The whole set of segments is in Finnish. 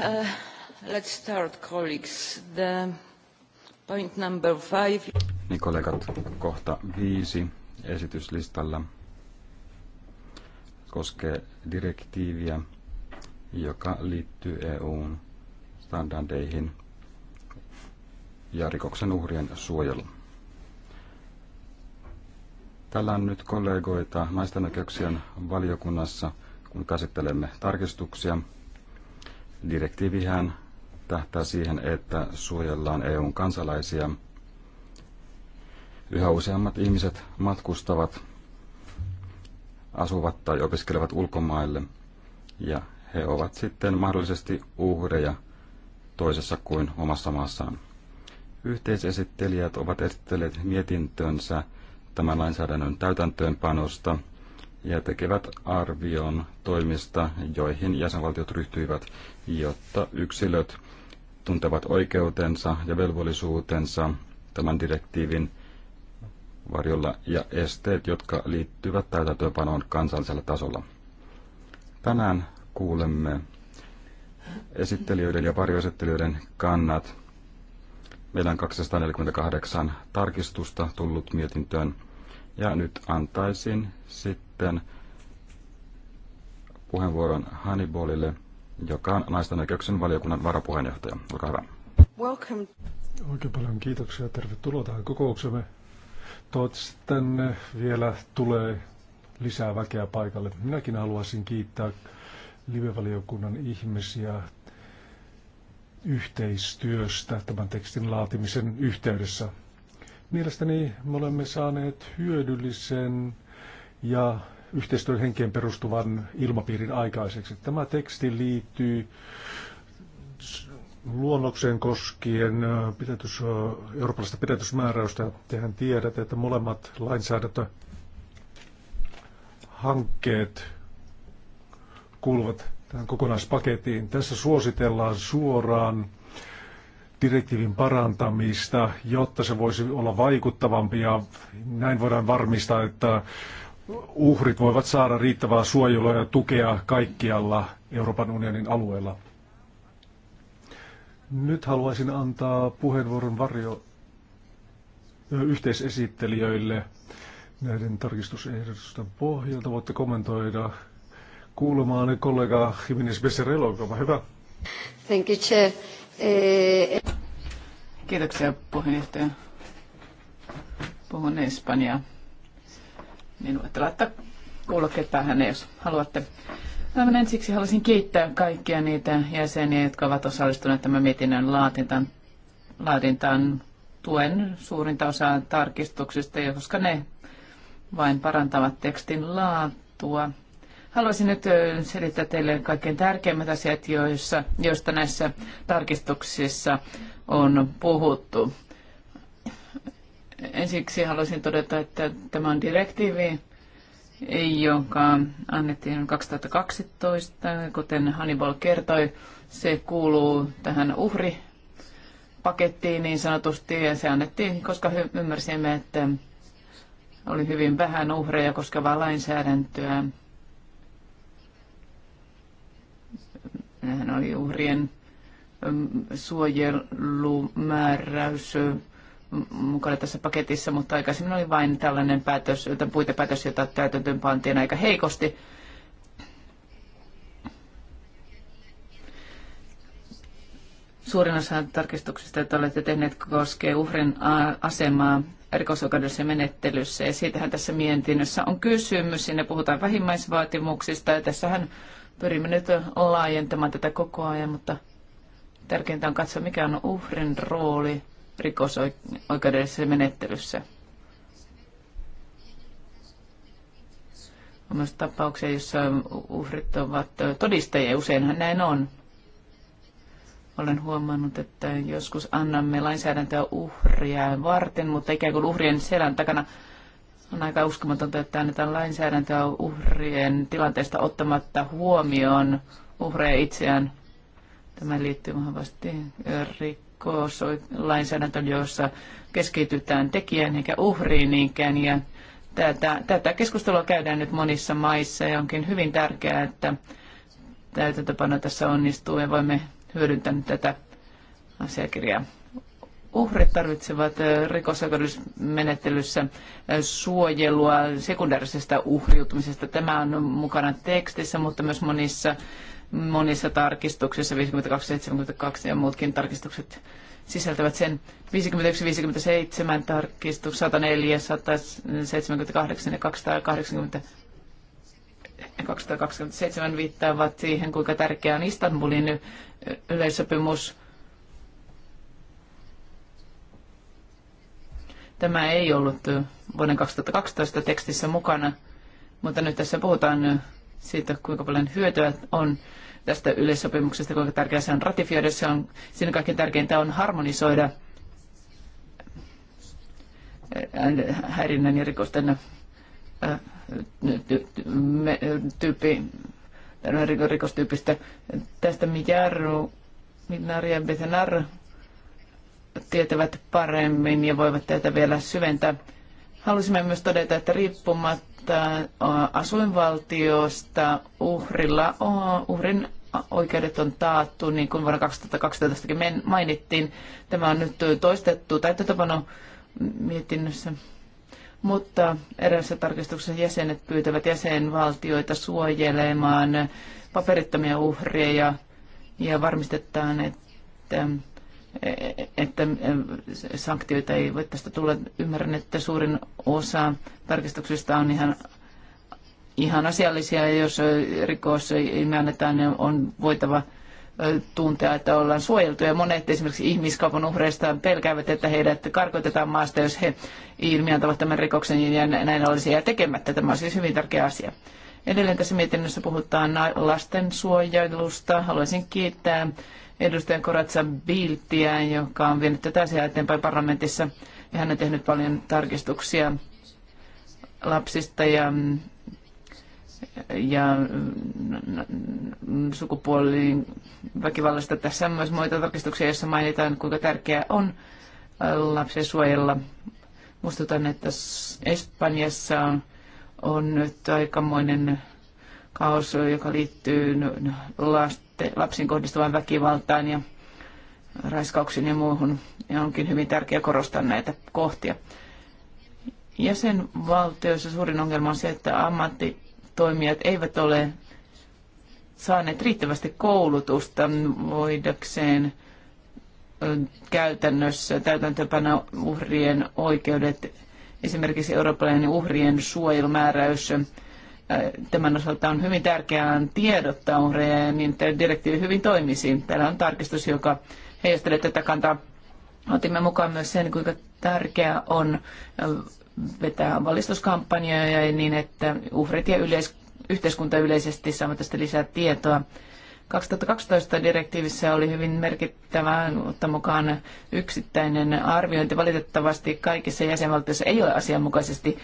Uh, let's start, colleagues. The point number five. Niin kollegat, kohta viisi esityslistalla koskee direktiiviä, joka liittyy EUn standardeihin ja rikoksen uhrien suojeluun. Täällä on nyt kollegoita naisten oikeuksien valiokunnassa, kun käsittelemme tarkistuksia – Direktiivihän tähtää siihen, että suojellaan EUn kansalaisia. Yhä useammat ihmiset matkustavat, asuvat tai opiskelevat ulkomaille ja he ovat sitten mahdollisesti uhreja toisessa kuin omassa maassaan. Yhteisesittelijät ovat esitelleet mietintönsä tämän lainsäädännön täytäntöönpanosta – ja tekevät arvion toimista, joihin jäsenvaltiot ryhtyivät, jotta yksilöt tuntevat oikeutensa ja velvollisuutensa tämän direktiivin varjolla ja esteet, jotka liittyvät täytäntöönpanoon kansallisella tasolla. Tänään kuulemme esittelijöiden ja varjoesittelijöiden kannat. Meillä on 248 tarkistusta tullut mietintöön. Ja nyt antaisin sitten sitten puheenvuoron Hannibalille, joka on naisten oikeuksien valiokunnan varapuheenjohtaja. Olkaa hyvä. Welcome. Oikein paljon kiitoksia ja tervetuloa tähän kokouksemme. Toivottavasti tänne vielä tulee lisää väkeä paikalle. Minäkin haluaisin kiittää live-valiokunnan ihmisiä yhteistyöstä tämän tekstin laatimisen yhteydessä. Mielestäni me olemme saaneet hyödyllisen ja yhteistyön henkeen perustuvan ilmapiirin aikaiseksi. Tämä teksti liittyy luonnokseen koskien äh, pidetys, äh, eurooppalaista pidätysmääräystä. Tehän tiedät, että molemmat lainsäädäntöhankkeet kuuluvat tähän kokonaispakettiin. Tässä suositellaan suoraan direktiivin parantamista, jotta se voisi olla vaikuttavampi ja näin voidaan varmistaa, että uhrit voivat saada riittävää suojelua ja tukea kaikkialla Euroopan unionin alueella. Nyt haluaisin antaa puheenvuoron varjo yhteisesittelijöille näiden tarkistusehdotusten pohjalta. Voitte kommentoida kuulemaan kollega Jiménez Becerrello, olkaa hyvä. Thank you, Chair. Eh, eh. Kiitoksia puheenjohtaja. Puhun Espanjaa niin voitte laittaa kuulokkeet päähän, jos haluatte. Aivan ensiksi haluaisin kiittää kaikkia niitä jäseniä, jotka ovat osallistuneet tämän mietinnön laatintaan. laatintaan. Tuen suurinta osaa tarkistuksista, koska ne vain parantavat tekstin laatua. Haluaisin nyt selittää teille kaikkein tärkeimmät asiat, joista näissä tarkistuksissa on puhuttu. Ensiksi haluaisin todeta, että tämä on direktiivi, joka annettiin 2012. Kuten Hannibal kertoi, se kuuluu tähän uhripakettiin niin sanotusti, ja se annettiin, koska ymmärsimme, että oli hyvin vähän uhreja koskevaa lainsäädäntöä. Nehän oli uhrien mm, suojelumääräys mukana tässä paketissa, mutta aikaisemmin oli vain tällainen päätös, puitepäätös, jota täytäntöön pantiin aika heikosti. Suurin osa tarkistuksista, että olette tehneet, koskee uhrin asemaa ja menettelyssä. Ja siitähän tässä mietinnössä on kysymys. Siinä puhutaan vähimmäisvaatimuksista ja tässähän pyrimme nyt laajentamaan tätä koko ajan, mutta tärkeintä on katsoa, mikä on uhrin rooli rikosoikeudellisessa menettelyssä. On myös tapauksia, joissa uhrit ovat todistajia. Useinhan näin on. Olen huomannut, että joskus annamme lainsäädäntöä uhria varten, mutta ikään kuin uhrien selän takana on aika uskomatonta, että annetaan lainsäädäntöä uhrien tilanteesta ottamatta huomioon uhreja itseään. Tämä liittyy vahvasti rikoslainsäädäntö, jossa keskitytään tekijään eikä uhriin niinkään. Ja tätä, tätä keskustelua käydään nyt monissa maissa ja onkin hyvin tärkeää, että täytäntöpano tässä onnistuu ja voimme hyödyntää tätä asiakirjaa. Uhrit tarvitsevat rikosoikeudellisessa suojelua sekundaarisesta uhriutumisesta. Tämä on mukana tekstissä, mutta myös monissa monissa tarkistuksissa, 52, 72 ja muutkin tarkistukset sisältävät sen 51-57 tarkistus, 104, 178 ja 280 227 viittaavat siihen, kuinka tärkeä on Istanbulin yleissopimus. Tämä ei ollut vuoden 2012 tekstissä mukana, mutta nyt tässä puhutaan siitä, kuinka paljon hyötyä on tästä yleissopimuksesta, kuinka tärkeää se on ratifioida. Se on, siinä kaikkein tärkeintä on harmonisoida äh, häirinnän ja rikosten äh, tyyppi, rikostyypistä. Tästä Mijaru, Minari ja Bethenar tietävät paremmin ja voivat tätä vielä syventää. Halusimme myös todeta, että riippumatta että asuinvaltiosta uhrilla on, uhrin oikeudet on taattu, niin kuin vuonna 2012 mainittiin. Tämä on nyt toistettu täyttötapano mietinnössä. Mutta eräässä tarkistuksessa jäsenet pyytävät jäsenvaltioita suojelemaan paperittomia uhreja ja varmistetaan, että että äh, sanktioita ei voi tästä tulla. Ymmärrän, että suurin osa tarkistuksista on ihan, ihan asiallisia, ja jos äh, rikos ei myönnetä, niin on voitava äh, tuntea, että ollaan suojeltu. Ja monet esimerkiksi ihmiskaupan uhreista pelkäävät, että heidät karkotetaan maasta, jos he ilmiantavat tämän rikoksen ja näin olisi jää tekemättä. Tämä on siis hyvin tärkeä asia. Edelleen tässä mietinnössä puhutaan lastensuojelusta. Haluaisin kiittää Edustajan Koratsa Biltiä, joka on vienyt tätä asiaa eteenpäin parlamentissa. Ja hän on tehnyt paljon tarkistuksia lapsista ja, ja sukupuoliin väkivallasta. Tässä on myös muita tarkistuksia, joissa mainitaan, kuinka tärkeää on lapsen suojella. Muistutan, että Espanjassa on, on nyt aikamoinen kaos, joka liittyy last, lapsiin kohdistuvaan väkivaltaan ja raiskauksiin ja muuhun. Ja onkin hyvin tärkeää korostaa näitä kohtia. Jäsenvaltioissa suurin ongelma on se, että ammattitoimijat eivät ole saaneet riittävästi koulutusta voidakseen käytännössä täytäntöpänä uhrien oikeudet. Esimerkiksi eurooppalainen uhrien suojelumääräys tämän osalta on hyvin tärkeää tiedottaa uhreja, niin että direktiivi hyvin toimisi. Täällä on tarkistus, joka heijastelee tätä kantaa. Otimme mukaan myös sen, kuinka tärkeää on vetää valistuskampanjoja niin, että uhrit ja yleis- yhteiskunta yleisesti saavat tästä lisää tietoa. 2012 direktiivissä oli hyvin merkittävää ottaa mukaan yksittäinen arviointi. Valitettavasti kaikissa jäsenvaltioissa ei ole asianmukaisesti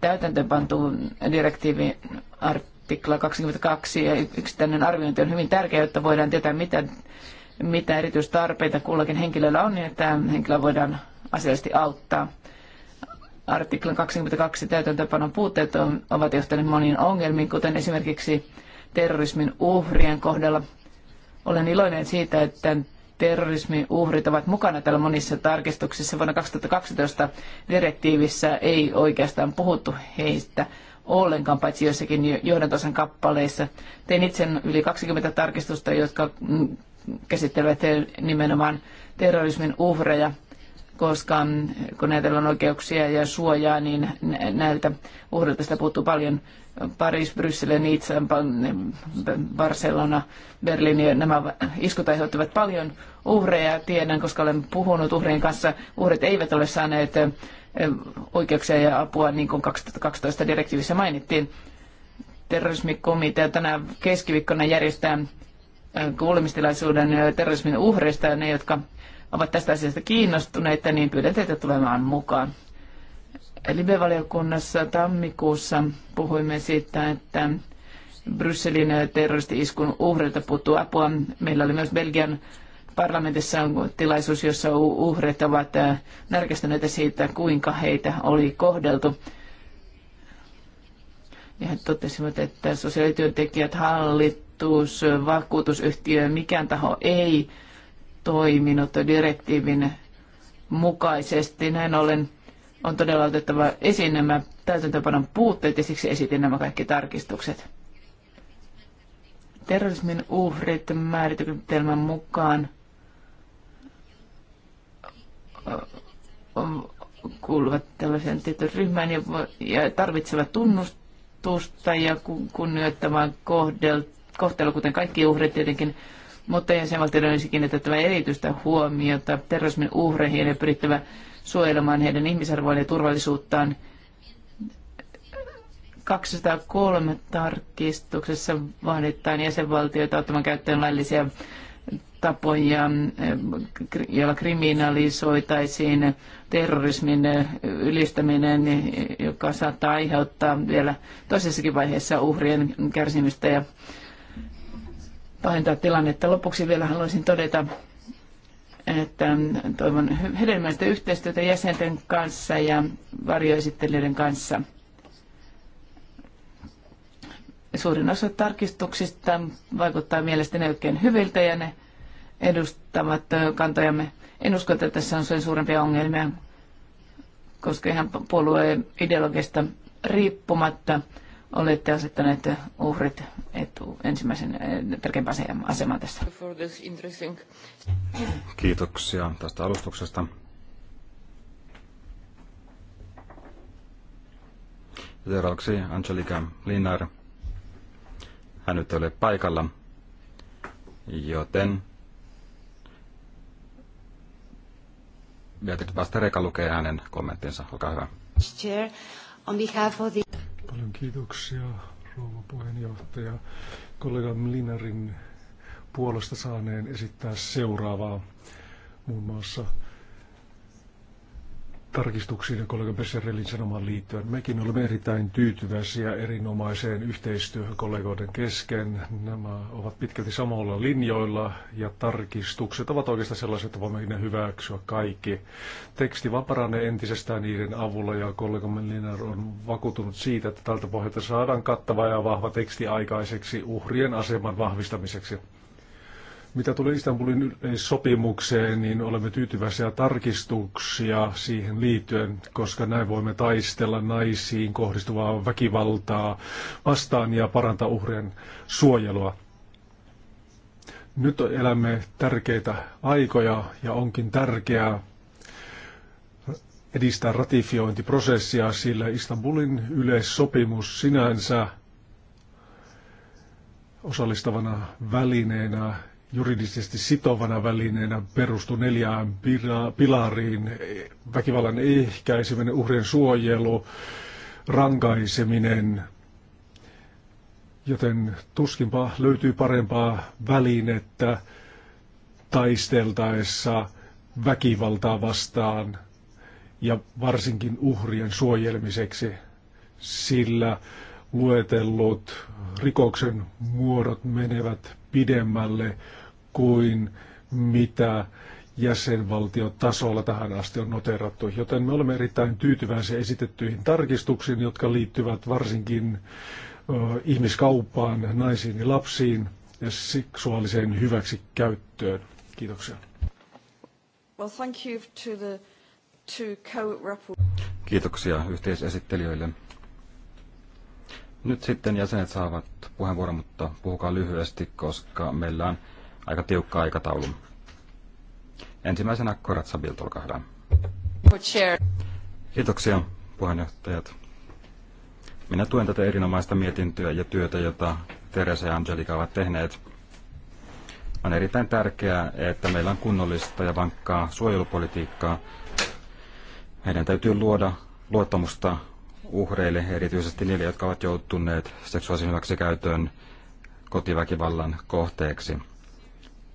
täytäntöönpantu direktiivi artikla 22 ja yksittäinen arviointi on hyvin tärkeä, jotta voidaan tietää, mitä, mitä erityistarpeita kullakin henkilöllä on, niin että henkilö voidaan asiallisesti auttaa. Artiklan 22 täytäntöönpanon puutteet ovat johtaneet moniin ongelmiin, kuten esimerkiksi terrorismin uhrien kohdalla. Olen iloinen siitä, että terrorismin uhrit ovat mukana täällä monissa tarkistuksissa. Vuonna 2012 direktiivissä ei oikeastaan puhuttu heistä ollenkaan, paitsi joissakin johdantosan kappaleissa. Tein itse yli 20 tarkistusta, jotka mm, käsittelevät nimenomaan terrorismin uhreja koska kun ajatellaan oikeuksia ja suojaa, niin näiltä uhreilta sitä puuttuu paljon. Paris, Bryssel, Nizza, Barcelona, Berliini, nämä iskut aiheuttavat paljon uhreja. Tiedän, koska olen puhunut uhrien kanssa, uhrit eivät ole saaneet eh, oikeuksia ja apua, niin kuin 2012 direktiivissä mainittiin. Terrorismikomitea tänä keskiviikkona järjestää eh, kuulemistilaisuuden eh, terrorismin uhreista ja ne, jotka ovat tästä asiasta kiinnostuneita, niin pyydän teitä tulemaan mukaan. Libe-valiokunnassa tammikuussa puhuimme siitä, että Brysselin terroristi-iskun uhreilta puuttuu apua. Meillä oli myös Belgian parlamentissa on tilaisuus, jossa uhrit ovat äh, närkästyneitä siitä, kuinka heitä oli kohdeltu. Ja he totesivat, että sosiaalityöntekijät, hallitus, vakuutusyhtiö, mikään taho ei toiminut direktiivin mukaisesti. Näin ollen on todella otettava esiin nämä täytäntöpanon puutteet ja siksi esitin nämä kaikki tarkistukset. Terrorismin uhrit määritelmän mukaan kuuluvat tällaiseen tietyn ryhmään ja, ja tarvitsevat tunnustusta ja kunnioittamaan kohtelua, kuten kaikki uhrit tietenkin mutta jäsenvaltioiden olisi kiinnitettävä erityistä huomiota terrorismin uhreihin ja pyrittävä suojelemaan heidän ihmisarvoaan ja turvallisuuttaan. 203 tarkistuksessa vaaditaan jäsenvaltioita ottamaan käyttöön laillisia tapoja, joilla kriminalisoitaisiin terrorismin ylistäminen, joka saattaa aiheuttaa vielä toisessakin vaiheessa uhrien kärsimystä ja pahentaa tilannetta. Lopuksi vielä haluaisin todeta, että toivon hedelmällistä yhteistyötä jäsenten kanssa ja varjoesittelijöiden kanssa. Suurin osa tarkistuksista vaikuttaa mielestäni oikein hyviltä ja ne edustavat kantojamme. En usko, että tässä on sen suurempia ongelmia, koska ihan puolueen ideologista riippumatta – olette asettaneet uhrit etu, ensimmäisen eh, tärkeimpään asemaan tässä. Kiitoksia tästä alustuksesta. Seuraavaksi Angelika Linnar. Hän nyt ei ole paikalla, joten Beatrice Pastereka lukee hänen kommenttinsa. Olkaa hyvä. Chair, on behalf of the... Paljon kiitoksia, rouva puheenjohtaja. Kollega Mlinarin puolesta saaneen esittää seuraavaa. Muun muassa tarkistuksiin ja kollega Besserelin sanomaan liittyen. Mekin olemme erittäin tyytyväisiä erinomaiseen yhteistyöhön kollegoiden kesken. Nämä ovat pitkälti samoilla linjoilla ja tarkistukset ovat oikeastaan sellaiset, että voimme ne hyväksyä kaikki. Teksti vaan paranee entisestään niiden avulla ja kollegamme Linar on vakuutunut siitä, että tältä pohjalta saadaan kattava ja vahva teksti aikaiseksi uhrien aseman vahvistamiseksi. Mitä tulee Istanbulin sopimukseen, niin olemme tyytyväisiä tarkistuksia siihen liittyen, koska näin voimme taistella naisiin kohdistuvaa väkivaltaa vastaan ja parantaa uhrien suojelua. Nyt elämme tärkeitä aikoja ja onkin tärkeää edistää ratifiointiprosessia, sillä Istanbulin yleissopimus sinänsä osallistavana välineenä juridisesti sitovana välineenä perustu neljään pilariin, väkivallan ehkäiseminen, uhrien suojelu, rankaiseminen, joten tuskinpa löytyy parempaa välinettä taisteltaessa väkivaltaa vastaan ja varsinkin uhrien suojelmiseksi, sillä luetellut rikoksen muodot menevät pidemmälle kuin mitä jäsenvaltiotasolla tähän asti on noterattu, joten me olemme erittäin tyytyväisiä esitettyihin tarkistuksiin, jotka liittyvät varsinkin ihmiskauppaan, naisiin ja lapsiin ja seksuaaliseen hyväksikäyttöön. Kiitoksia. Well, thank you to the two Kiitoksia yhteisesittelijöille. Nyt sitten jäsenet saavat puheenvuoron, mutta puhukaa lyhyesti, koska meillä on aika tiukka aikataulu. Ensimmäisenä Koratsa Bild, olkaa hyvä. Kiitoksia puheenjohtajat. Minä tuen tätä erinomaista mietintöä ja työtä, jota Teresa ja Angelika ovat tehneet. On erittäin tärkeää, että meillä on kunnollista ja vankkaa suojelupolitiikkaa. Meidän täytyy luoda luottamusta uhreille, erityisesti niille, jotka ovat joutuneet seksuaalisen hyväksikäytön kotiväkivallan kohteeksi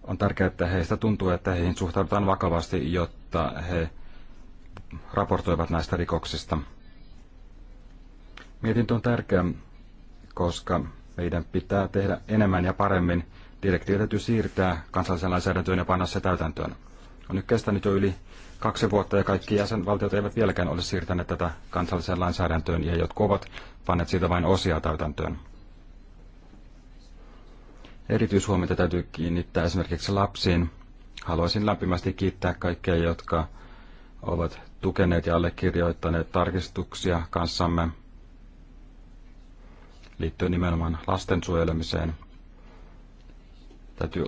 on tärkeää, että heistä tuntuu, että heihin suhtaudutaan vakavasti, jotta he raportoivat näistä rikoksista. Mietintö on tärkeä, koska meidän pitää tehdä enemmän ja paremmin. Direktiivi täytyy siirtää kansallisen lainsäädäntöön ja panna se täytäntöön. On nyt kestänyt jo yli kaksi vuotta ja kaikki jäsenvaltiot eivät vieläkään ole siirtäneet tätä kansalliseen lainsäädäntöön ja jotkut ovat panneet siitä vain osia täytäntöön. Erityishuomiota täytyy kiinnittää esimerkiksi lapsiin. Haluaisin lämpimästi kiittää kaikkia, jotka ovat tukeneet ja allekirjoittaneet tarkistuksia kanssamme liittyen nimenomaan lasten suojelemiseen. Täytyy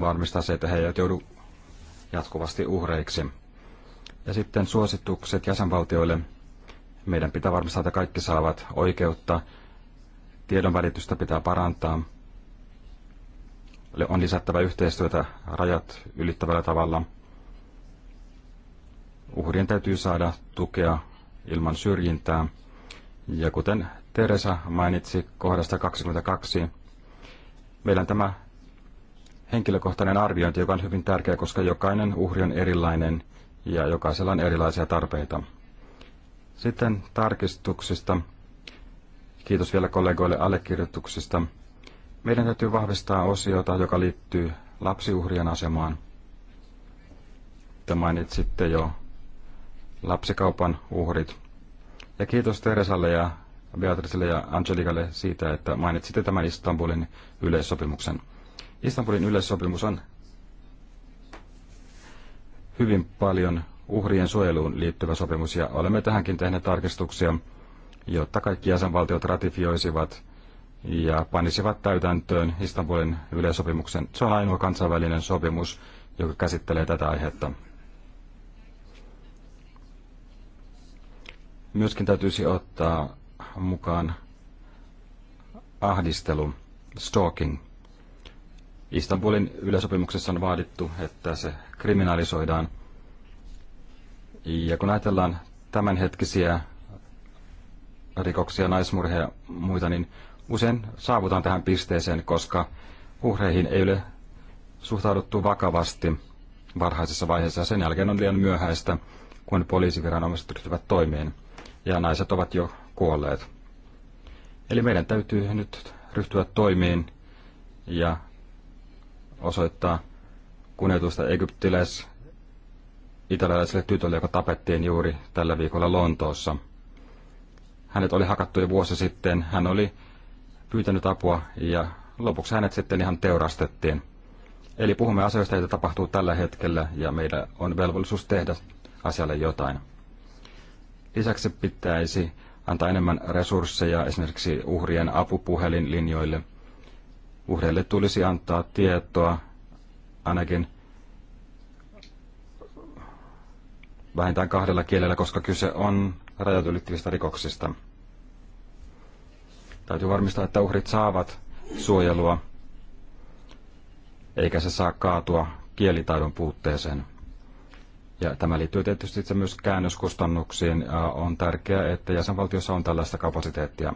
varmistaa se, että he eivät joudu jatkuvasti uhreiksi. Ja sitten suositukset jäsenvaltioille. Meidän pitää varmistaa, että kaikki saavat oikeutta. Tiedonvälitystä pitää parantaa on lisättävä yhteistyötä rajat ylittävällä tavalla. Uhrien täytyy saada tukea ilman syrjintää. Ja kuten Teresa mainitsi kohdasta 22, meillä on tämä henkilökohtainen arviointi, joka on hyvin tärkeä, koska jokainen uhri on erilainen ja jokaisella on erilaisia tarpeita. Sitten tarkistuksista. Kiitos vielä kollegoille allekirjoituksista. Meidän täytyy vahvistaa osiota, joka liittyy lapsiuhrien asemaan. Te mainitsitte jo lapsikaupan uhrit. Ja kiitos Teresalle ja Beatricelle ja Angelikalle siitä, että mainitsitte tämän Istanbulin yleissopimuksen. Istanbulin yleissopimus on hyvin paljon uhrien suojeluun liittyvä sopimus ja olemme tähänkin tehneet tarkistuksia, jotta kaikki jäsenvaltiot ratifioisivat – ja panisivat täytäntöön Istanbulin yleisopimuksen, Se on ainoa kansainvälinen sopimus, joka käsittelee tätä aihetta. Myöskin täytyisi ottaa mukaan ahdistelu, stalking. Istanbulin yleisopimuksessa on vaadittu, että se kriminalisoidaan. Ja kun ajatellaan tämänhetkisiä rikoksia, naismurheja ja muita, niin usein saavutaan tähän pisteeseen, koska uhreihin ei ole suhtauduttu vakavasti varhaisessa vaiheessa ja sen jälkeen on liian myöhäistä, kun poliisiviranomaiset ryhtyvät toimiin ja naiset ovat jo kuolleet. Eli meidän täytyy nyt ryhtyä toimiin ja osoittaa kunnioitusta egyptiläis italialaiselle tytölle, joka tapettiin juuri tällä viikolla Lontoossa. Hänet oli hakattu jo vuosi sitten. Hän oli pyytänyt apua ja lopuksi hänet sitten ihan teurastettiin. Eli puhumme asioista, joita tapahtuu tällä hetkellä ja meillä on velvollisuus tehdä asialle jotain. Lisäksi pitäisi antaa enemmän resursseja esimerkiksi uhrien apupuhelinlinjoille. Uhreille tulisi antaa tietoa ainakin vähintään kahdella kielellä, koska kyse on rajat ylittävistä rikoksista. Täytyy varmistaa, että uhrit saavat suojelua, eikä se saa kaatua kielitaidon puutteeseen. Ja tämä liittyy tietysti itse myös käännöskustannuksiin. on tärkeää, että jäsenvaltiossa on tällaista kapasiteettia.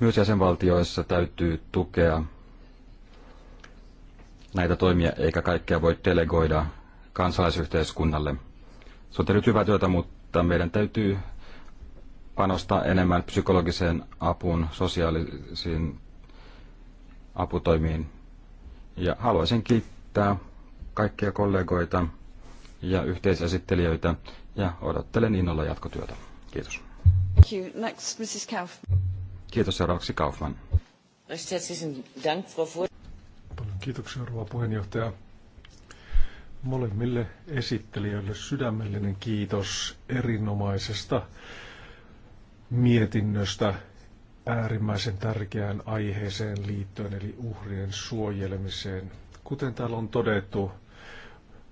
Myös jäsenvaltioissa täytyy tukea näitä toimia, eikä kaikkea voi delegoida kansalaisyhteiskunnalle. Se on tehnyt hyvää työtä, mutta meidän täytyy panostaa enemmän psykologiseen apuun, sosiaalisiin aputoimiin. Ja haluaisin kiittää kaikkia kollegoita ja yhteisesittelijöitä ja odottelen innolla jatkotyötä. Kiitos. Thank you. Next, Mrs. Kaufman. Kiitos seuraavaksi Kaufman. Paljon kiitoksia, rouva puheenjohtaja. Molemmille esittelijöille sydämellinen kiitos erinomaisesta mietinnöstä äärimmäisen tärkeään aiheeseen liittyen, eli uhrien suojelemiseen. Kuten täällä on todettu,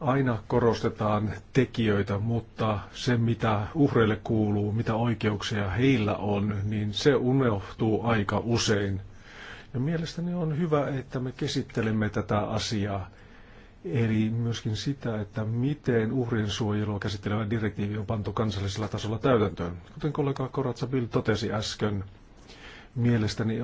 aina korostetaan tekijöitä, mutta se mitä uhreille kuuluu, mitä oikeuksia heillä on, niin se unohtuu aika usein. Ja mielestäni on hyvä, että me käsittelemme tätä asiaa Eli myöskin sitä, että miten uhrien suojelua käsittelevä direktiivi on pantu kansallisella tasolla täytäntöön. Kuten kollega Koratsa Bill totesi äsken, mielestäni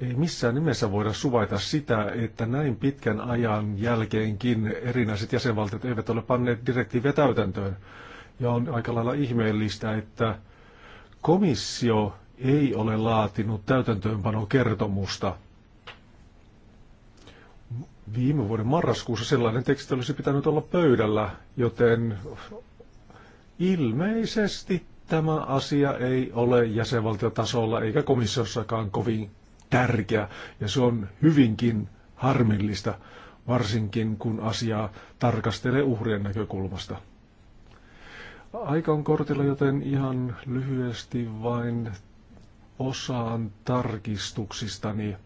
ei missään nimessä voida suvaita sitä, että näin pitkän ajan jälkeenkin erinäiset jäsenvaltiot eivät ole panneet direktiiviä täytäntöön. Ja on aika lailla ihmeellistä, että komissio ei ole laatinut täytäntöönpanokertomusta – viime vuoden marraskuussa sellainen teksti olisi pitänyt olla pöydällä, joten ilmeisesti tämä asia ei ole jäsenvaltiotasolla eikä komissiossakaan kovin tärkeä, ja se on hyvinkin harmillista, varsinkin kun asiaa tarkastelee uhrien näkökulmasta. Aika on kortilla, joten ihan lyhyesti vain osaan tarkistuksistani. Niin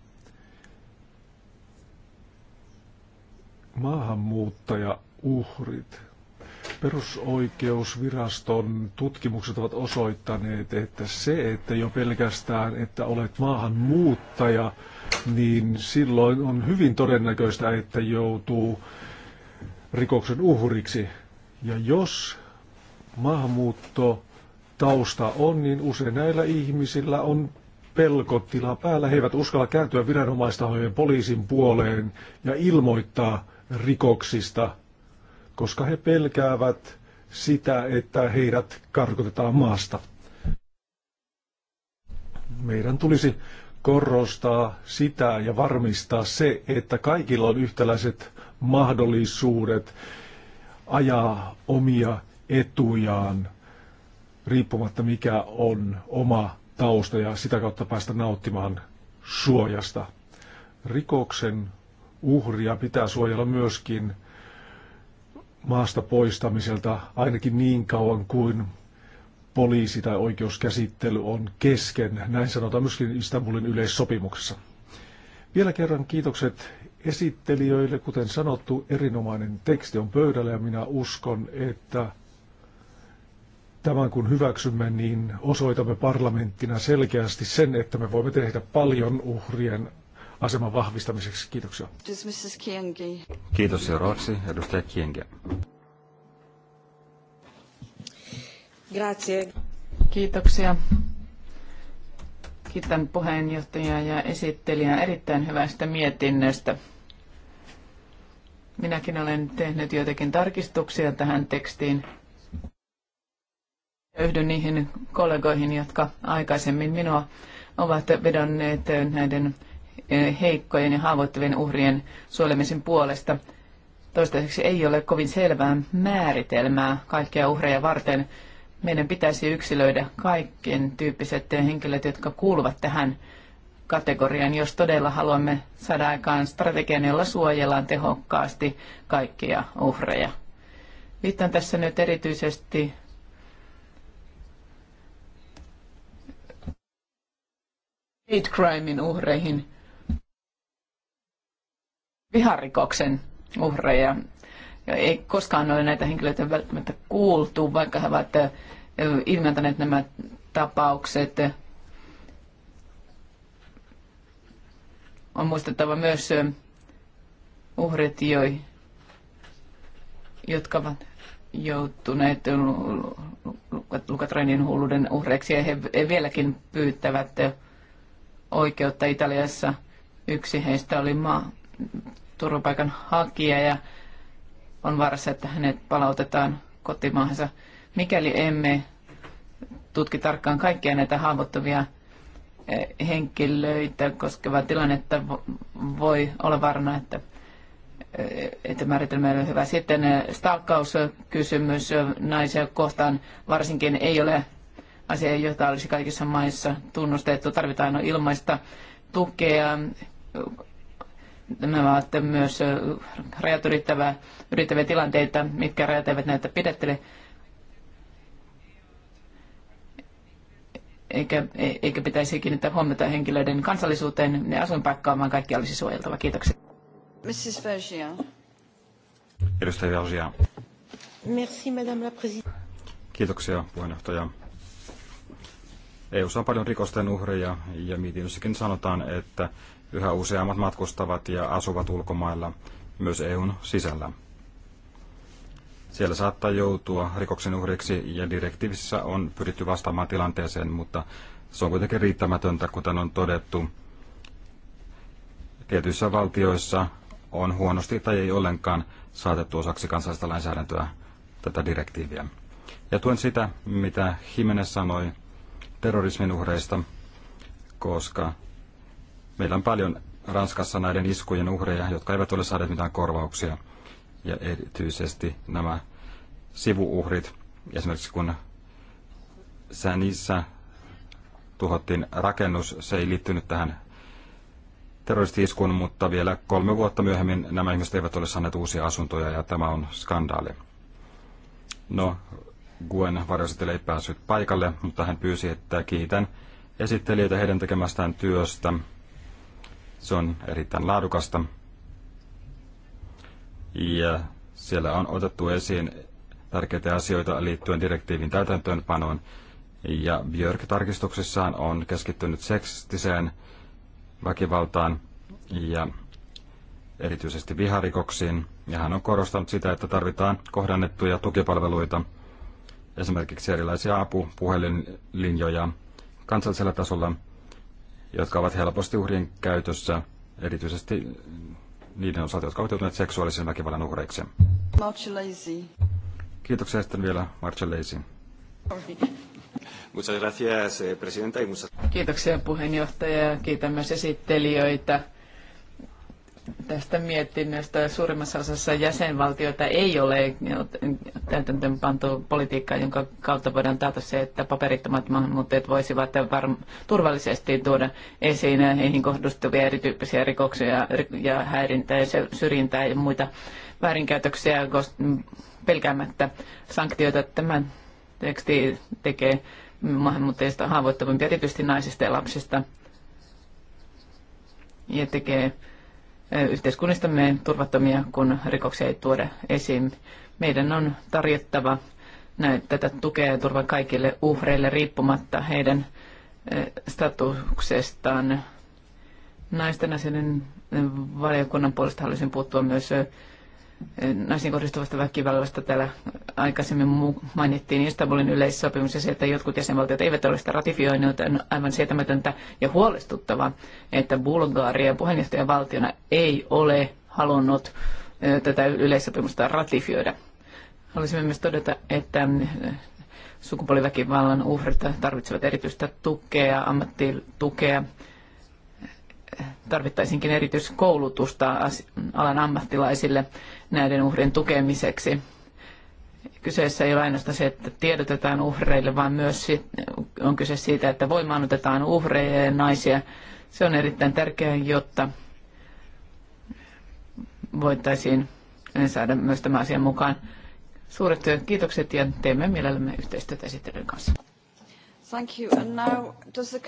maahanmuuttajauhrit. Perusoikeusviraston tutkimukset ovat osoittaneet, että se, että jo pelkästään, että olet maahanmuuttaja, niin silloin on hyvin todennäköistä, että joutuu rikoksen uhriksi. Ja jos maahanmuutto tausta on, niin usein näillä ihmisillä on pelkotila päällä. He eivät uskalla kääntyä viranomaistahojen poliisin puoleen ja ilmoittaa rikoksista, koska he pelkäävät sitä, että heidät karkotetaan maasta. Meidän tulisi korostaa sitä ja varmistaa se, että kaikilla on yhtäläiset mahdollisuudet ajaa omia etujaan, riippumatta mikä on oma tausta ja sitä kautta päästä nauttimaan suojasta. Rikoksen uhria pitää suojella myöskin maasta poistamiselta ainakin niin kauan kuin poliisi- tai oikeuskäsittely on kesken. Näin sanotaan myöskin Istanbulin yleissopimuksessa. Vielä kerran kiitokset esittelijöille. Kuten sanottu, erinomainen teksti on pöydällä ja minä uskon, että tämän kun hyväksymme, niin osoitamme parlamenttina selkeästi sen, että me voimme tehdä paljon uhrien aseman vahvistamiseksi. Kiitoksia. Kiitos seuraavaksi edustaja Kienge. Grazie. Kiitoksia. Kiitän puheenjohtajaa ja esittelijää erittäin hyvästä mietinnöstä. Minäkin olen tehnyt joitakin tarkistuksia tähän tekstiin. Yhdyn niihin kollegoihin, jotka aikaisemmin minua ovat vedonneet näiden Eh, heikkojen ja haavoittuvien uhrien suojelemisen puolesta. Toistaiseksi ei ole kovin selvää määritelmää kaikkia uhreja varten. Meidän pitäisi yksilöidä kaikkien tyyppiset henkilöt, jotka kuuluvat tähän kategoriaan, jos todella haluamme saada aikaan strategian, jolla suojellaan tehokkaasti kaikkia uhreja. Viittaan tässä nyt erityisesti hate crimein uhreihin viharikoksen uhreja. Ei koskaan ole näitä henkilöitä välttämättä kuultu, vaikka he ovat ilmentäneet nämä tapaukset. On muistettava myös uhrit, jotka ovat joutuneet Lukatrainin hulluuden uhreiksi ja he vieläkin pyytävät oikeutta Italiassa. Yksi heistä oli turvapaikan hakija ja on varassa, että hänet palautetaan kotimaahansa. Mikäli emme tutki tarkkaan kaikkia näitä haavoittuvia eh, henkilöitä koskevaa tilannetta, voi olla varma, että eh, että määritelmä ei ole hyvä. Sitten eh, stalkkauskysymys naisia kohtaan varsinkin ei ole asia, jota olisi kaikissa maissa tunnustettu. Tarvitaan ilmaista tukea, nämä ovat myös rajat ylittävää, ylittäviä tilanteita, mitkä rajat eivät näitä pidettele. Eikä, e, eikä pitäisi kiinnittää huomiota henkilöiden kansallisuuteen ja asuinpaikkaan, vaan kaikki olisi suojeltava. Kiitoksia. Mrs. Fergia. Edustaja Fergia. Merci, Madame la Présidente. Kiitoksia, puheenjohtaja. EU on paljon rikosten uhreja ja mietinnössäkin sanotaan, että Yhä useammat matkustavat ja asuvat ulkomailla, myös EUn sisällä. Siellä saattaa joutua rikoksen uhriksi ja direktiivissä on pyritty vastaamaan tilanteeseen, mutta se on kuitenkin riittämätöntä, kuten on todettu. Tietyissä valtioissa on huonosti tai ei ollenkaan saatettu osaksi kansallista lainsäädäntöä tätä direktiiviä. Ja tuen sitä, mitä Jimenez sanoi terrorismin uhreista, koska Meillä on paljon Ranskassa näiden iskujen uhreja, jotka eivät ole saaneet mitään korvauksia. Ja erityisesti nämä sivuuhrit, esimerkiksi kun Sänissä tuhottiin rakennus, se ei liittynyt tähän terroristi mutta vielä kolme vuotta myöhemmin nämä ihmiset eivät ole saaneet uusia asuntoja ja tämä on skandaali. No, Guen varjoesittelijä ei päässyt paikalle, mutta hän pyysi, että kiitän esittelijöitä heidän tekemästään työstä se on erittäin laadukasta. Ja siellä on otettu esiin tärkeitä asioita liittyen direktiivin täytäntöönpanoon. Ja Björk tarkistuksissaan on keskittynyt seksistiseen väkivaltaan ja erityisesti viharikoksiin. Ja hän on korostanut sitä, että tarvitaan kohdannettuja tukipalveluita, esimerkiksi erilaisia apupuhelinlinjoja kansallisella tasolla – jotka ovat helposti uhrien käytössä, erityisesti niiden osalta, jotka ovat joutuneet seksuaalisen väkivallan uhreiksi. Marcellesi. Kiitoksia sitten vielä Marcellesi. Muchas gracias, eh, presidenta. Kiitoksia puheenjohtaja ja kiitän myös esittelijöitä tästä mietinnöstä suurimmassa osassa jäsenvaltioita ei ole täytäntöön pantu politiikkaa, jonka kautta voidaan taata se, että paperittomat maahanmuuttajat voisivat varm- turvallisesti tuoda esiin heihin kohdistuvia erityyppisiä rikoksia ja häirintää ja syrjintää ja muita väärinkäytöksiä pelkäämättä sanktioita. Tämä teksti tekee maahanmuuttajista haavoittuvimpia, erityisesti naisista ja lapsista ja tekee yhteiskunnistamme turvattomia, kun rikoksia ei tuoda esiin. Meidän on tarjottava näin, tätä tukea ja turvaa kaikille uhreille riippumatta heidän eh, statuksestaan. Naisten asioiden eh, valiokunnan puolesta haluaisin puuttua myös eh, naisiin kohdistuvasta väkivallasta täällä aikaisemmin mainittiin Istanbulin yleissopimus ja se, että jotkut jäsenvaltiot eivät ole sitä ratifioineet, on aivan sietämätöntä ja huolestuttavaa, että Bulgaria puheenjohtajavaltiona ei ole halunnut tätä yleissopimusta ratifioida. Haluaisimme myös todeta, että sukupuoliväkivallan uhrit tarvitsevat erityistä tukea, ammattitukea tarvittaisinkin erityiskoulutusta alan ammattilaisille näiden uhrien tukemiseksi. Kyseessä ei ole ainoastaan se, että tiedotetaan uhreille, vaan myös on kyse siitä, että voimaanotetaan uhreja ja naisia. Se on erittäin tärkeää, jotta voitaisiin saada myös tämän asian mukaan. Suuret kiitokset ja teemme mielellämme yhteistyötä esittelyn kanssa. Thank you. And now does the...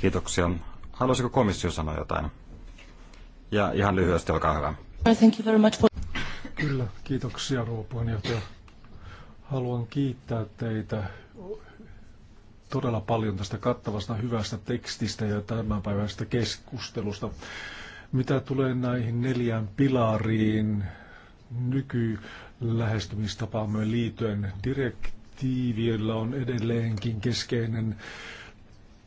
Kiitoksia. Haluaisiko komissio sanoa jotain? Ja ihan lyhyesti, olkaa hyvä. Thank you very much for... Kyllä, kiitoksia rouva puheenjohtaja. Haluan kiittää teitä todella paljon tästä kattavasta hyvästä tekstistä ja tämänpäiväisestä keskustelusta. Mitä tulee näihin neljään pilariin nykylähestymistapaamme liittyen, direktiivillä on edelleenkin keskeinen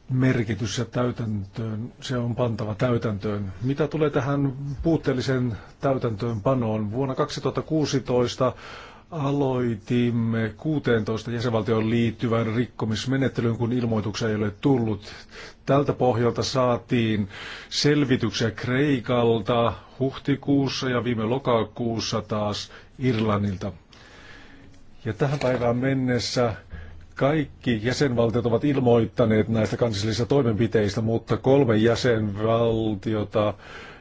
merkitys ja täytäntöön, se on pantava täytäntöön. Mitä tulee tähän puutteelliseen täytäntöönpanoon? Vuonna 2016 aloitimme 16 jäsenvaltioon liittyvän rikkomismenettelyn, kun ilmoituksia ei ole tullut. Tältä pohjalta saatiin selvityksiä Kreikalta huhtikuussa ja viime lokakuussa taas Irlannilta. Ja tähän päivään mennessä kaikki jäsenvaltiot ovat ilmoittaneet näistä kansallisista toimenpiteistä, mutta kolme jäsenvaltiota,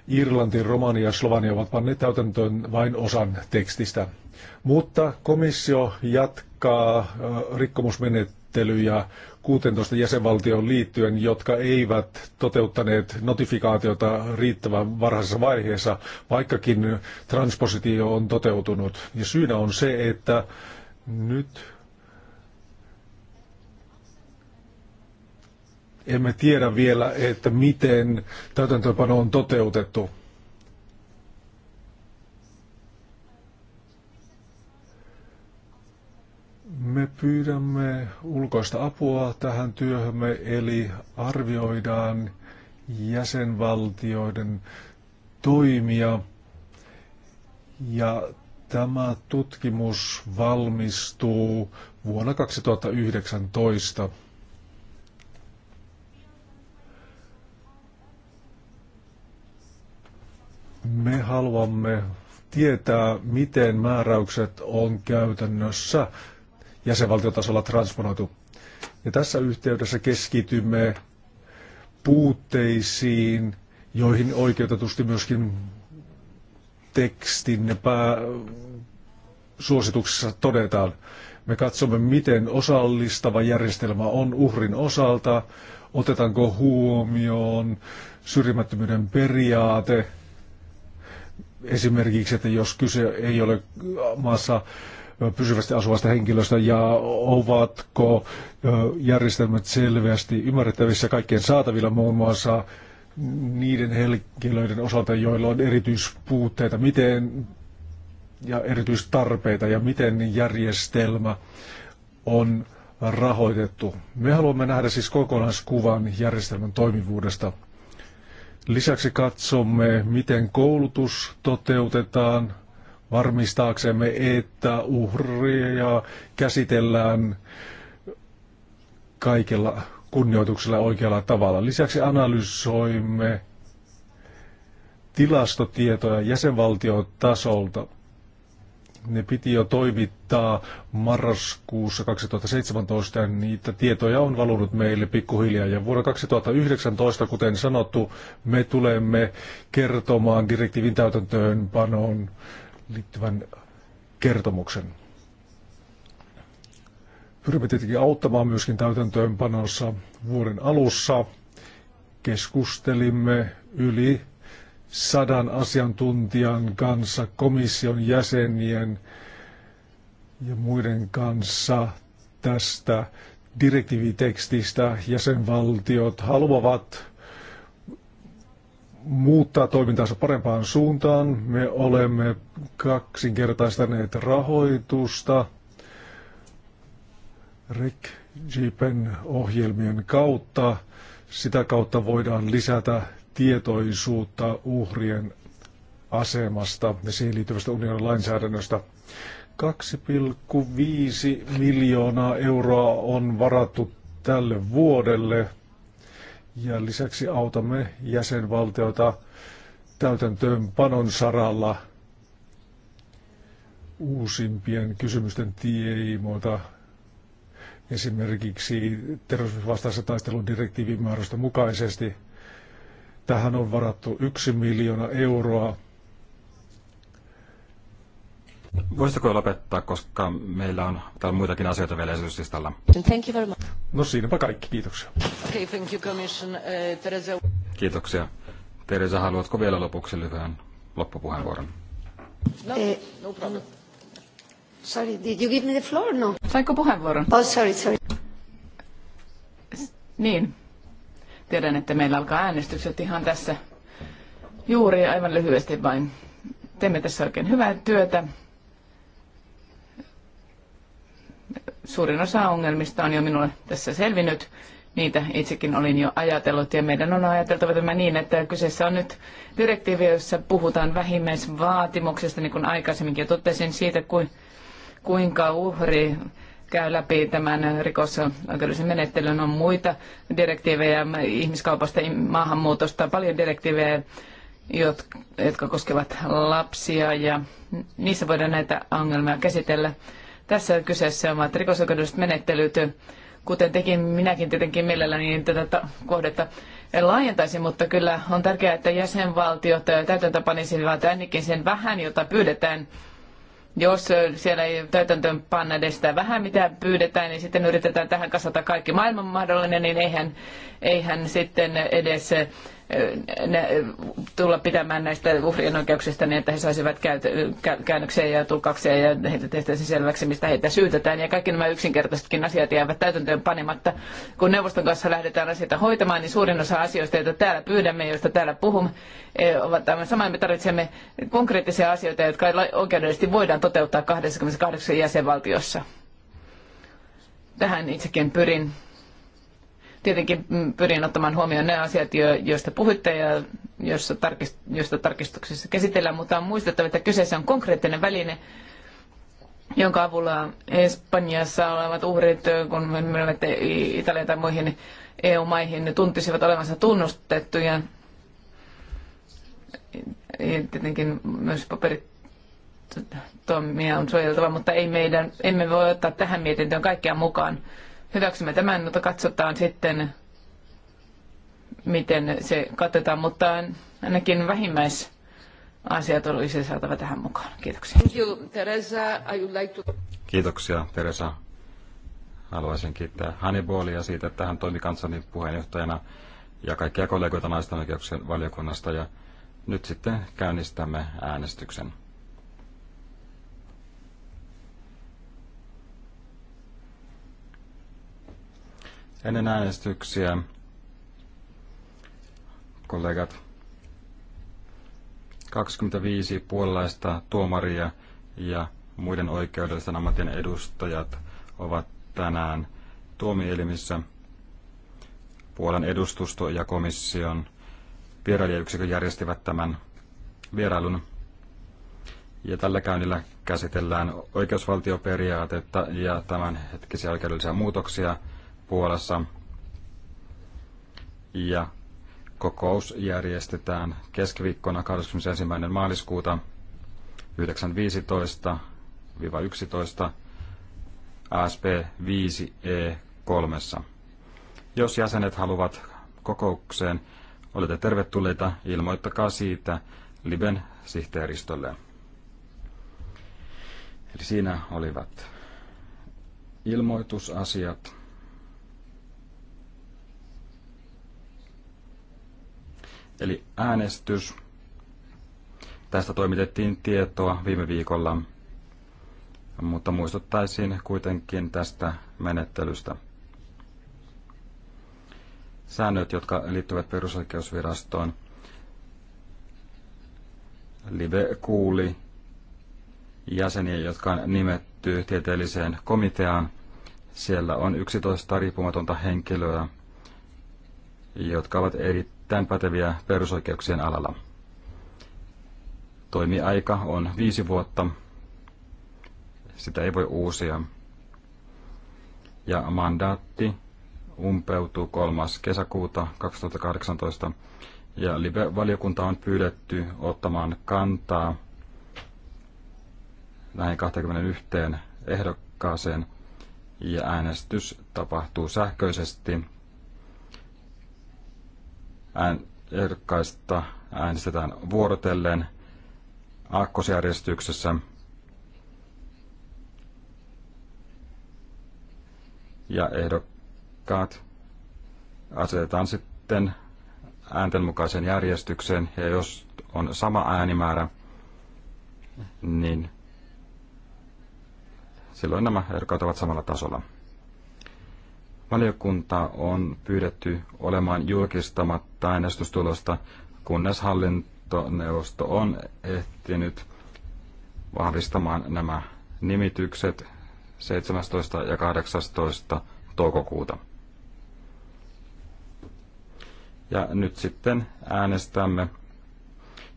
Irlanti, Romania ja Slovania, ovat panneet täytäntöön vain osan tekstistä. Mutta komissio jatkaa rikkomusmenettelyjä 16 jäsenvaltioon liittyen, jotka eivät toteuttaneet notifikaatiota riittävän varhaisessa vaiheessa, vaikkakin transpositio on toteutunut. Ja syynä on se, että nyt emme tiedä vielä, että miten täytäntöönpano on toteutettu. Me pyydämme ulkoista apua tähän työhömme, eli arvioidaan jäsenvaltioiden toimia. Ja tämä tutkimus valmistuu vuonna 2019. Me haluamme tietää, miten määräykset on käytännössä jäsenvaltiotasolla transponoitu. Ja tässä yhteydessä keskitymme puutteisiin, joihin oikeutetusti myöskin tekstin pää, suosituksessa todetaan. Me katsomme, miten osallistava järjestelmä on uhrin osalta, otetaanko huomioon syrjimättömyyden periaate, esimerkiksi, että jos kyse ei ole maassa pysyvästi asuvasta henkilöstä ja ovatko järjestelmät selvästi ymmärrettävissä kaikkien saatavilla muun muassa niiden henkilöiden osalta, joilla on erityispuutteita miten, ja erityistarpeita ja miten järjestelmä on rahoitettu. Me haluamme nähdä siis kokonaiskuvan järjestelmän toimivuudesta. Lisäksi katsomme, miten koulutus toteutetaan varmistaaksemme, että uhria käsitellään kaikella kunnioituksella oikealla tavalla. Lisäksi analysoimme tilastotietoja jäsenvaltiotasolta. tasolta ne piti jo toimittaa marraskuussa 2017 ja niitä tietoja on valunut meille pikkuhiljaa. Ja vuonna 2019, kuten sanottu, me tulemme kertomaan direktiivin täytäntöönpanoon liittyvän kertomuksen. Pyrimme tietenkin auttamaan myöskin täytäntöönpanossa vuoden alussa. Keskustelimme yli sadan asiantuntijan kanssa, komission jäsenien ja muiden kanssa tästä direktiivitekstistä. Jäsenvaltiot haluavat muuttaa toimintaansa parempaan suuntaan. Me olemme kaksinkertaistaneet rahoitusta Rick Jeepen ohjelmien kautta. Sitä kautta voidaan lisätä tietoisuutta uhrien asemasta ja siihen liittyvästä unionin lainsäädännöstä. 2,5 miljoonaa euroa on varattu tälle vuodelle ja lisäksi autamme jäsenvaltioita täytäntöönpanon saralla uusimpien kysymysten tiimoilta esimerkiksi terrorismin vastaisen taistelun direktiivin määräystä mukaisesti – Tähän on varattu yksi miljoona euroa. Voisitko lopettaa, koska meillä on täällä muitakin asioita vielä esityslistalla? Thank you very much. No siinäpä kaikki, kiitoksia. Okay, thank you, commission. Uh, Teresa. Kiitoksia. Teresa, haluatko vielä lopuksi lyhyen loppupuheenvuoron? No, eh, no problem. Sorry, did you give me the floor? No. Sainko puheenvuoron? Oh, sorry, sorry. Niin, Tiedän, että meillä alkaa äänestykset ihan tässä juuri aivan lyhyesti vain. Teemme tässä oikein hyvää työtä. Suurin osa ongelmista on jo minulle tässä selvinnyt. Niitä itsekin olin jo ajatellut ja meidän on ajateltava tämä niin, että kyseessä on nyt direktiivi, jossa puhutaan vähimmäisvaatimuksesta, niin kuin aikaisemminkin jo totesin siitä, kuinka uhri käy läpi tämän rikosoikeudellisen menettelyn. On muita direktiivejä ihmiskaupasta ja maahanmuutosta, paljon direktiivejä, jotka koskevat lapsia ja niissä voidaan näitä ongelmia käsitellä. Tässä kyseessä ovat rikosoikeudelliset menettelyt, kuten tekin minäkin tietenkin mielelläni tätä kohdetta laajentaisin, laajentaisi, mutta kyllä on tärkeää, että jäsenvaltiot täytäntöpanisivat ainakin sen vähän, jota pyydetään jos siellä ei täytäntöön panna edes sitä vähän, mitä pyydetään, niin sitten yritetään tähän kasata kaikki maailman mahdollinen, niin eihän, eihän sitten edes ne, tulla pitämään näistä uhrien oikeuksista niin, että he saisivat käännöksiä ja tulkauksia ja heitä tehtäisiin selväksi, mistä heitä syytetään. Ja kaikki nämä yksinkertaisetkin asiat jäävät täytäntöön panematta. Kun neuvoston kanssa lähdetään asioita hoitamaan, niin suurin osa asioista, joita täällä pyydämme, joista täällä puhumme, ovat aivan samaa. Me tarvitsemme konkreettisia asioita, jotka oikeudellisesti voidaan toteuttaa 28 jäsenvaltiossa. Tähän itsekin pyrin Tietenkin mm, pyrin ottamaan huomioon ne asiat, joista puhuitte ja joista, tarkistuksissa käsitellään, mutta on muistettava, että kyseessä on konkreettinen väline, jonka avulla Espanjassa olevat uhrit, kun menevät Italiaan tai muihin EU-maihin, ne tuntisivat olevansa tunnustettuja. Tietenkin myös paperitoimia on suojeltava, mutta ei meidän, emme voi ottaa tähän mietintöön kaikkea mukaan hyväksymme tämän, mutta katsotaan sitten, miten se katsotaan, Mutta ainakin vähimmäis asiat olisi saatava tähän mukaan. Kiitoksia. Thank you, Teresa. I would like to... Kiitoksia, Teresa. Haluaisin kiittää Hannibalia siitä, että hän toimi kanssani puheenjohtajana ja kaikkia kollegoita naisten oikeuksien valiokunnasta. Ja nyt sitten käynnistämme äänestyksen. Ennen äänestyksiä, kollegat, 25 puolalaista tuomaria ja muiden oikeudellisten ammatin edustajat ovat tänään tuomielimissä Puolan edustusto ja komission vierailijayksikö järjestivät tämän vierailun. Ja tällä käynnillä käsitellään oikeusvaltioperiaatetta ja tämänhetkisiä oikeudellisia muutoksia – Puolassa. Ja kokous järjestetään keskiviikkona 21. maaliskuuta 9.15-11 ASP 5E3. Jos jäsenet haluavat kokoukseen, olette tervetulleita, ilmoittakaa siitä Liben sihteeristölle. Eli siinä olivat ilmoitusasiat. Eli äänestys. Tästä toimitettiin tietoa viime viikolla, mutta muistuttaisin kuitenkin tästä menettelystä. Säännöt, jotka liittyvät perusoikeusvirastoon, Live kuuli jäseniä, jotka on nimetty tieteelliseen komiteaan. Siellä on 11 riippumatonta henkilöä, jotka ovat eri erittäin päteviä perusoikeuksien alalla. Toimiaika on viisi vuotta. Sitä ei voi uusia. Ja mandaatti umpeutuu 3. kesäkuuta 2018. Ja valiokunta on pyydetty ottamaan kantaa näihin 21 ehdokkaaseen ja äänestys tapahtuu sähköisesti ään, ehdokkaista äänestetään vuorotellen aakkosjärjestyksessä. Ja ehdokkaat asetetaan sitten äänten mukaisen järjestykseen, ja jos on sama äänimäärä, niin silloin nämä ehdokkaat ovat samalla tasolla. Valiokunta on pyydetty olemaan julkistamatta äänestystulosta, kunnes hallintoneuvosto on ehtinyt vahvistamaan nämä nimitykset 17. ja 18. toukokuuta. Ja nyt sitten äänestämme.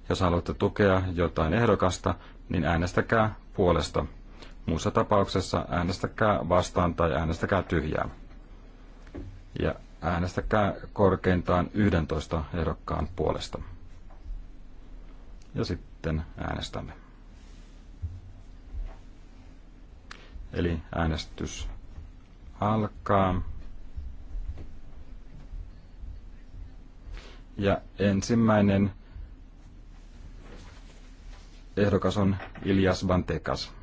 Jos haluatte tukea jotain ehdokasta, niin äänestäkää puolesta. Muussa tapauksessa äänestäkää vastaan tai äänestäkää tyhjää ja äänestäkää korkeintaan 11 ehdokkaan puolesta. Ja sitten äänestämme. Eli äänestys alkaa. Ja ensimmäinen ehdokas on Ilias Bantekas.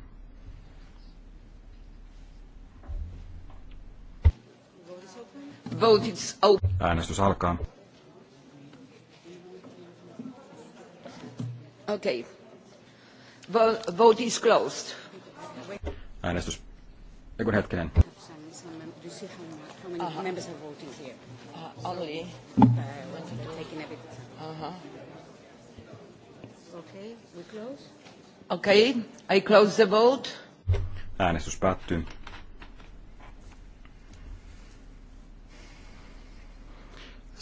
Vote is open. Äänestys alkaa. Okay. Vote is closed. Äänestys. Eikun hetkinen. only. Uh, huh Okay, we close. Okay, I close the vote. Äänestys päättyy.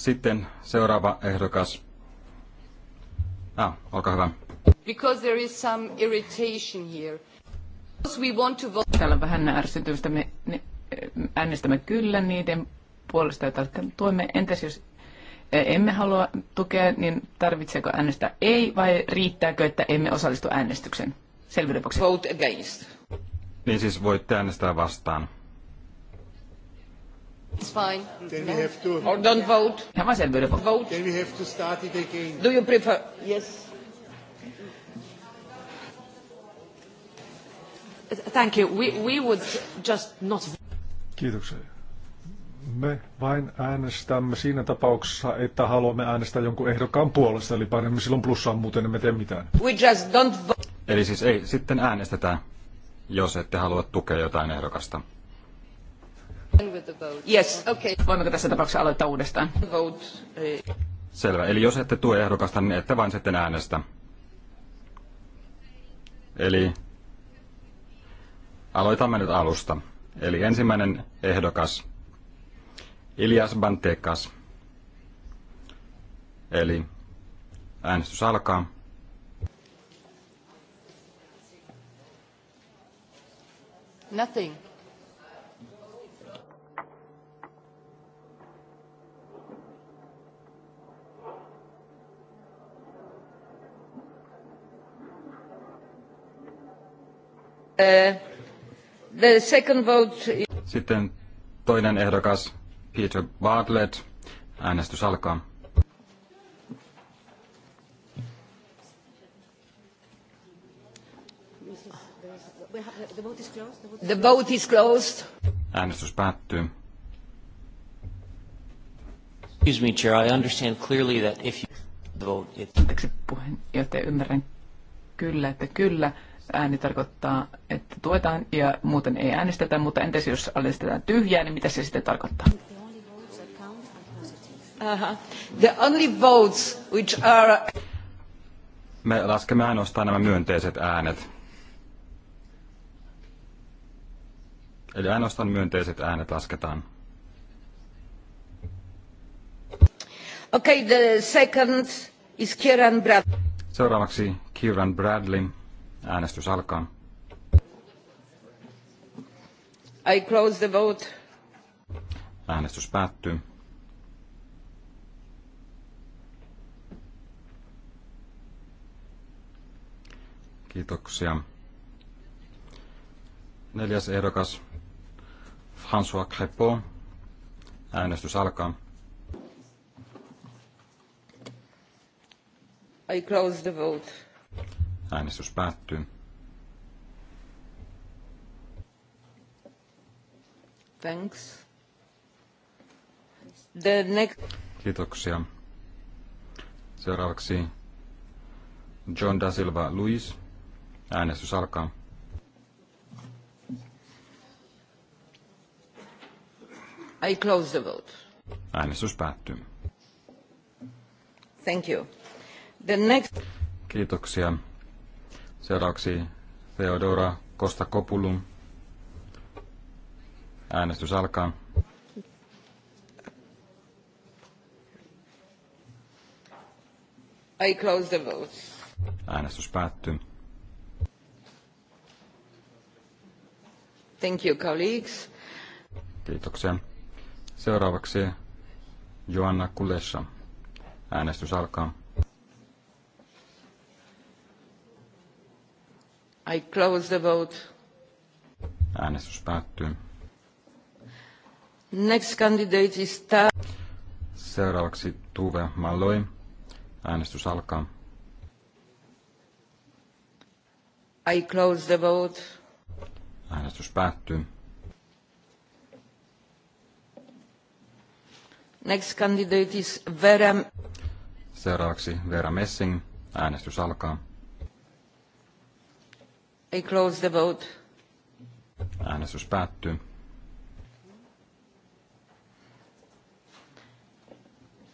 Sitten seuraava ehdokas. Ah, olkaa hyvä. Because there is some irritation here. Because we want to vote. Täällä on vähän ärsytystä. Me eh, äänestämme kyllä niiden puolesta, joita tuemme. Entäs jos eh, emme halua tukea, niin tarvitseeko äänestää ei vai riittääkö, että emme osallistu äänestykseen? Selvyyden vuoksi. Vote against. Niin siis voitte äänestää vastaan. It's fine. Then we have to... Or don't vote. Tämä selvyyden vote. Then we have to start it again. Do you prefer? Yes. Thank you. We, we would just not... Kiitoksia. Me vain äänestämme siinä tapauksessa, että haluamme äänestää jonkun ehdokkaan puolesta, eli paremmin silloin plussaa, muuten emme tee mitään. We just don't vote. Eli siis ei, sitten äänestetään, jos ette halua tukea jotain ehdokasta. Yes. Okay. Voimmeko tässä tapauksessa aloittaa uudestaan? Vote. Eh, Selvä. Eli jos ette tue ehdokasta, niin ette vain sitten äänestä. Eli aloitamme nyt alusta. Eli ensimmäinen ehdokas, Ilias Bantekas. Eli äänestys alkaa. Nothing. Uh, Sitten toinen ehdokas, Peter Bartlett. Äänestys alkaa. The vote is closed. Äänestys päättyy. Excuse me, Chair. I understand clearly that if you vote, it... Anteeksi puheenjohtaja, ymmärrän kyllä, että kyllä ääni tarkoittaa, että tuetaan ja muuten ei äänestetä, mutta entäs jos äänestetään tyhjää, niin mitä se sitten tarkoittaa? Uh-huh. The only votes which are... Me laskemme ainoastaan nämä myönteiset äänet. Eli ainoastaan myönteiset äänet lasketaan. Okay, the second is Kieran Bradley. Seuraavaksi Kieran Bradley. Äänestys alkaa. I close the vote. Äänestys päättyy. Kiitoksia. Neljäs ehdokas François Crepeau. Äänestys alkaa. I close the vote. Äänestys päättyy. Thanks. The next... Kiitoksia. Seuraavaksi John Da Silva Luis. Äänestys alkaa. I close the vote. Äänestys päättyy. Thank you. The next... Kiitoksia. Seuraavaksi Theodora Costa Kopulum. Äänestys alkaa. I close the vote. Äänestys päättyy. Thank you, colleagues. Kiitoksia. Seuraavaksi Joanna Kulesha. Äänestys alkaa. I close the vote. Äänestys päättyy. Next candidate is Ta- Seuraavaksi Tuve Malloy. Äänestys alkaa. I close the vote. Äänestys päättyy. Next candidate is Vera. Seuraavaksi Vera Messing. Äänestys alkaa. I close the vote. Äänestys päättyy.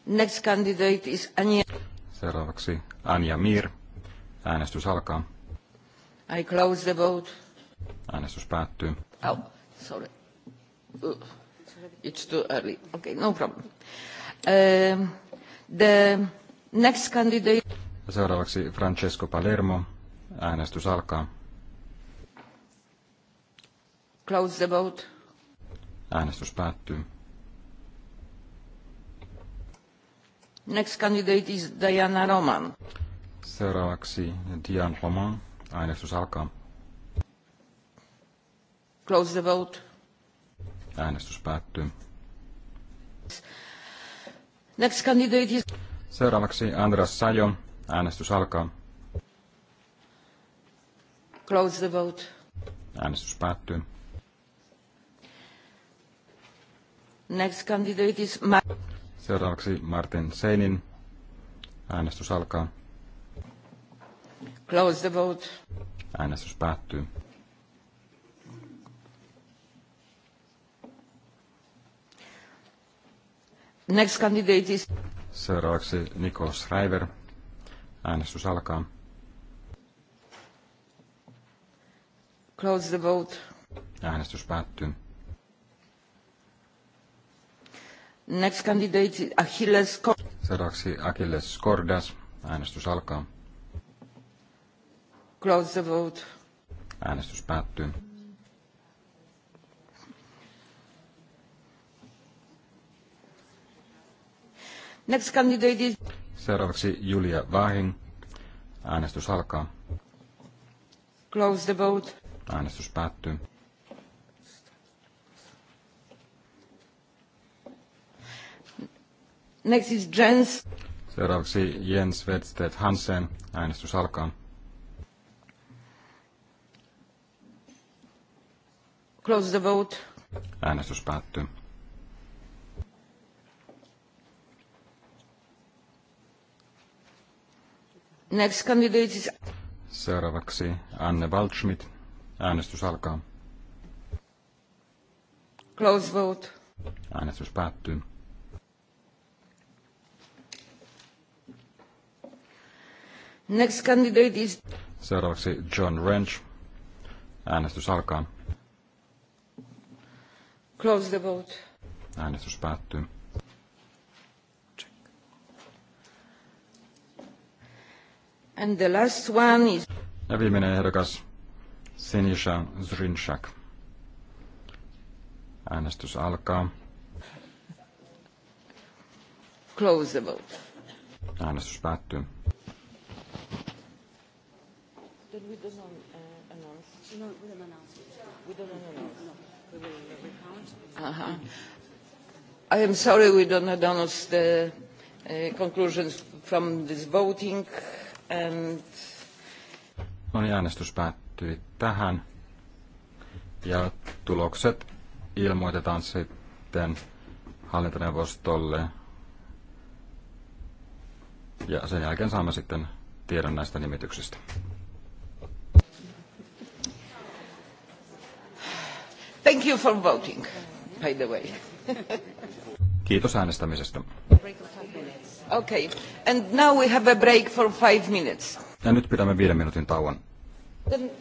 Next candidate is Anja. Seuraavaksi Anja Mir. Äänestys alkaa. I close the vote. Äänestys päättyy. Oh, sorry. It's too early. Okay, no problem. Uh, the next candidate... Seuraavaksi Francesco Palermo. Äänestys alkaa. Close the vote. Äänestys päättyy. Next candidate is Diana Roman. Seuraavaksi Diana Roman. Äänestys alkaa. Close the vote. Äänestys päättyy. Next candidate is... Seuraavaksi Andras Sajo. Äänestys alkaa. Close the vote. Äänestys päättyy. Next candidate is Ma- Seuraavaksi Martin Seinin. Äänestys alkaa. Close the vote. Äänestys päättyy. Next candidate is... Seuraavaksi Niko Schreiber. Äänestys alkaa. Close the vote. Äänestys päättyy. Next candidate Achilles Seuraavaksi Achilles Kordas. Äänestys alkaa. Close the vote. Äänestys päättyy. Next candidate is... Seuraavaksi Julia Vahin. Äänestys alkaa. Close the vote. Äänestys päättyy. Next is Jens. Seuraavaksi Jens Vedsted Hansen. Äänestys alkaa. Close the vote. Äänestys päättyy. Next candidate is... Seuraavaksi Anne Waldschmidt. Äänestys alkaa. Close vote. Äänestys päättyy. Next candidate is... Seuraavaksi John Wrench. Äänestys alkaa. Close the vote. Äänestys päättyy. And the last one is... Ja viimeinen ehdokas, Sinisha Zrinchak. Äänestys alkaa. Close the vote. Äänestys päättyy. Then we don't uh, announce. No, we don't announce it. We don't announce. No, we will recount. Uh-huh. I am sorry we don't announce the uh, conclusions from this voting and... No niin, äänestys päättyi tähän. Ja tulokset ilmoitetaan sitten hallintoneuvostolle. Ja sen jälkeen saamme sitten tiedon näistä nimityksistä. Thank you for voting, by the way. Kiitos äänestämisestä. Okay. And now we have a break for five minutes. Ja nyt pidämme viiden minuutin tauon.